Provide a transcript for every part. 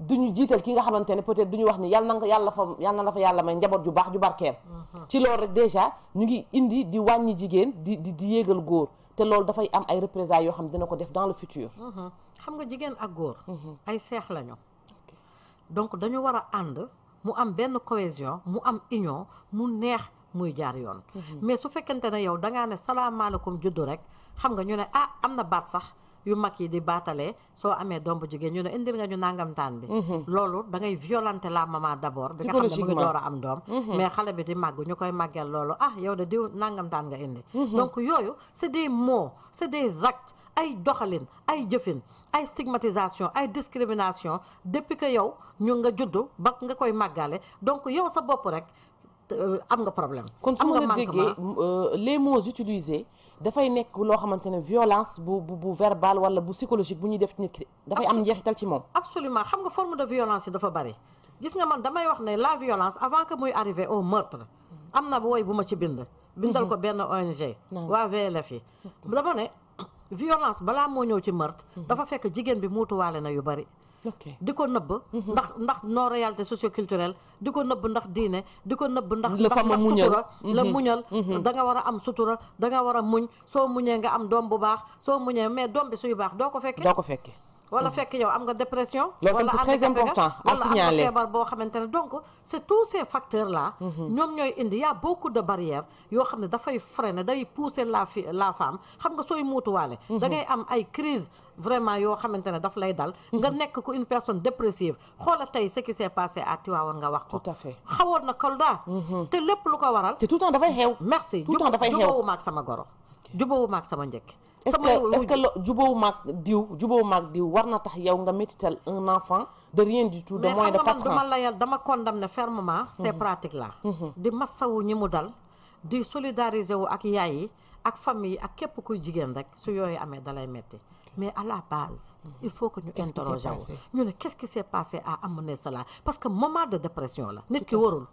duñu jiital ki nga xamante ne peut-être duñu wax ni yàlla na yàlla la fa yàlla may njaboot ju baax ju barkeer mhm. ci loolu rek déjà ñu ngi indi di wàññi jigéen di di di yéegal góor te loolu dafay am ay représailles yoo xam ne dina ko def dans le futur mhm. xam nga jigéen ak góor mhm. ay seex lañu donc dañu war a ànd mu am benn cohésion mu am union mu neex muy jaar yoon mais su fekkente ne yow dangaa ne salaamaaleykum juddu rek xam nga ñu ne ah am na baat sax yu mag yi di baatalee soo amee doom domb jigéen ñu ne indil nga ñu nangamtaan bi mhm. loolu da ngay violenter la maman d'abord bi nga xam ne mu ngi door a am doom mhm. mais xale bi di màgg ñu koy màggeel loolu ah yow de diw nangamtaan nga indi mhm. donc yooyu c'est des mots c'est des actes ay doxalin ay jëfin ay stigmatisation ay discrimination depuis que yow ñu nga juddu ba nga koy màggale donc yow sa bopp rek Euh, am nga problème. kon su ma la déggee euh, les mois utilisés dafay nekk loo xamante ne violence bu bu bu verbal wala bu psychologique bu ñuy def nit ki dafay am njeexital ci moom. absolument xam nga forme de violence yi dafa bari gis nga man damay wax ne la violence avant que muy arriver au meurtre am na wooy bu ma ci bind. bindal ko mhm. benn ONG. waa VLF yi dama ne violence balaa moo ñëw ci meurtre. Mhm. dafa fekk jigéen bi muutuwaale na yu bari. di ko nëbb mhm. ndax ndax non réalité socioculturelle di ko nëbb ndax diine di ko nëbb ndax ndax sutura mhm. la muñal mhm. da nga war a am sutura da nga war a muñ soo muñee nga am doom bu baax soo muñee mais doom bi suy baax doo ko fekkee doo ko fekke wala mhm. fekk yow am nga dépression. loolu tam c'est am nga feebar boo xamante ne donc c'est tous ces facteurs là. Mhm. ñoom ñooy indi y a beaucoup de barrières yoo xam ne dafay ne day pousser la fi la femme xam nga sooy muutuwaale. Mhm. da ngay am ay crise vraiment yoo xamante ne daf lay dal. nga nekk ko une personne dépressive xoola tey ce qui s'est passé à Tivaouane nga wax ko. tout xawoon na Kolda. te lépp lu ko waral. te tout le dafay xew. merci tout le temps dafay xew jubawuma ak sama goro jubawuma ak sama njëkk. est-ce que est-ce que lo jubóowu diw jubóowu maag diw war na tax yow nga métital un enfant de rien du tout de moins de quatre ans dama layal dama condamné fermement ces mhm. pratiques là mhm. di massawu ñi mu dal di solidariser wu ak yaay yi ak famille ak képp kuy jigéen rek su yooyu amee dalay metti mais à la base mhm. il faut que ñu interroger wu ñu ne qu'est-ce qui s'est passé à amener cela parce que moment de dépression la nit ki warul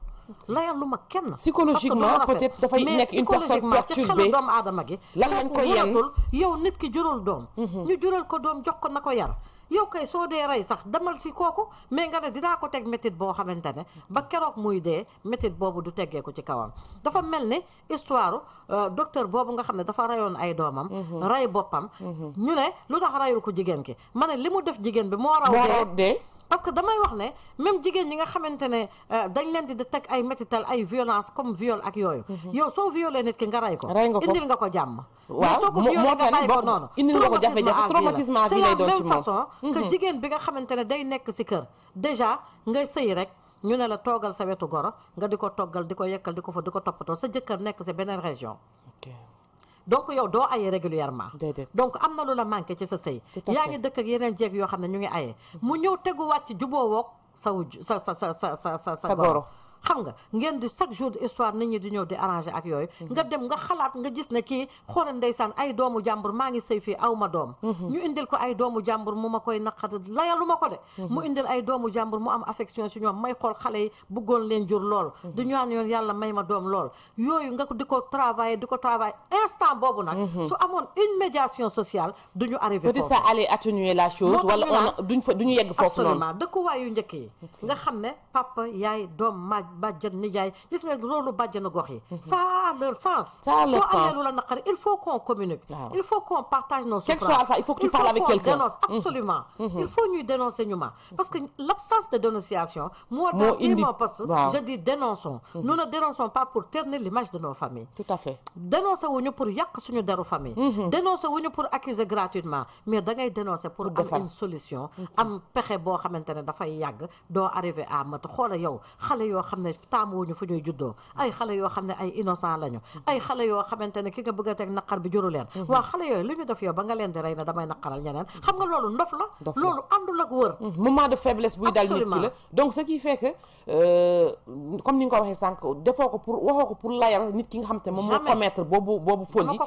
layal lu ma kenn. psychologiquement peut-être dafay nekk une personne perturbée mais psychologiquement ci xelu doomu aadama gi. lan lañ ko yenn yow nit ki jural doom. Mhm. ñu jural ko doom jox ko na ko yar. yow kay soo dee rey sax demal si kooku mais nga ne dinaa ko teg métit boo xamante ne ba keroog muy dee métit boobu du teggee ko ci kawam dafa mel ni histoire euh, docteur boobu nga xam ne dafa reyoon ay doomam mhm. rey boppam mhm. ñu ne lu tax reyul ko jigéen ki ma ne li mu def jigéen bi moo raw dee parce que damay wax ne même jigéen ñi nga xamante ne euh, dañ leen di teg ay métital ay violence comme viol ak yooyu mhm. yow soo violé nit ki nga rey ko indil nga ko jàmm waaw soo ko ko noonu indil nga ko jafe-jafe traumatisme façon que mhm. jigéen bi nga xamante ne day nekk si kër déjà ngay sëy rek ñu ne la toogal sa wetu goro nga di ko toggal di ko yekkal di ko fa di ko toppatoo sa jëkkër nekk si beneen région donc yow doo aye régulièrement donc am na lu la manqué ci sa sëy yaa ngi dëkk ak yeneen jeeg yoo xam ne ñu ngi aye mu ñëw tegu ci juboo woog sa wujj sa sa sa sa sa sa goro xam nga ngeen di chaque jour histoire nit ñi di ñëw di arrangé ak yooyu mhm. nga dem nga xalaat nga gis ne kii xoolal ndeysaan ay doomu jàmbur maa ngi sëy fii aw ma doom mhm. ñu indil ko ay doomu jàmbur mu ma koy naqar layalu ma ko de mhm. mu indil ay doomu jàmbur mu am affection si ñoom may xool xale yi buggoon leen jur lool du ñaan yoon yàlla may ma doom lool yooyu nga di ko travailler di ko travailler instant boobu nag su amoon une médiation sociale du ñu arrivé foofu peut-être ça allait atténuer la chose wala duñ fa duñu yegg foofu noonu absolument dëkkuwaay yu njëkk bàjjan nijaay gis nga loolu bàjjanu gox yi mhm. ça a leur sens ça a leur sens soo amee lu la naqari il faut qu'on communique il faut qu'on partage nos souffrances il faut que tu parles avec quelqu'un dénonce mhm. absolument mhm. il faut ñuy dénoncer ñu ma parce que l'absence de dénonciation moo daal indi mon poste je dis dénonçons nous ne dénonçons pas pour ternir l'image de nos familles tout à fait dénoncer wuñu pour yàq suñu deru famille dénoncer wuñu pour accuser gratuitement mais da ngay dénoncer pour am une solution am pexe boo xamante ne dafay yàgg doo arriver à mat xoola yow xale yoo xam xam ne ñu fu ñuy juddoo ay xale yoo xam ne ay innocent lañu ay xale yoo xamante ne ki nga bëgg a teg naqar bi juru leen mhm. waaw xale yooyu li ñu def yow ba nga leen di rey na damay naqaral ñeneen mhm. xam nga loolu ndof la loolu àndul ak wër mhm. moment de faiblesse buy dal nit ki la donc ce qui fait que euh, comme ni nga ko waxee sànq defoo ko pour waxoo ko pour layal nit ki nga xam te moom moo commettre boobu boobu folie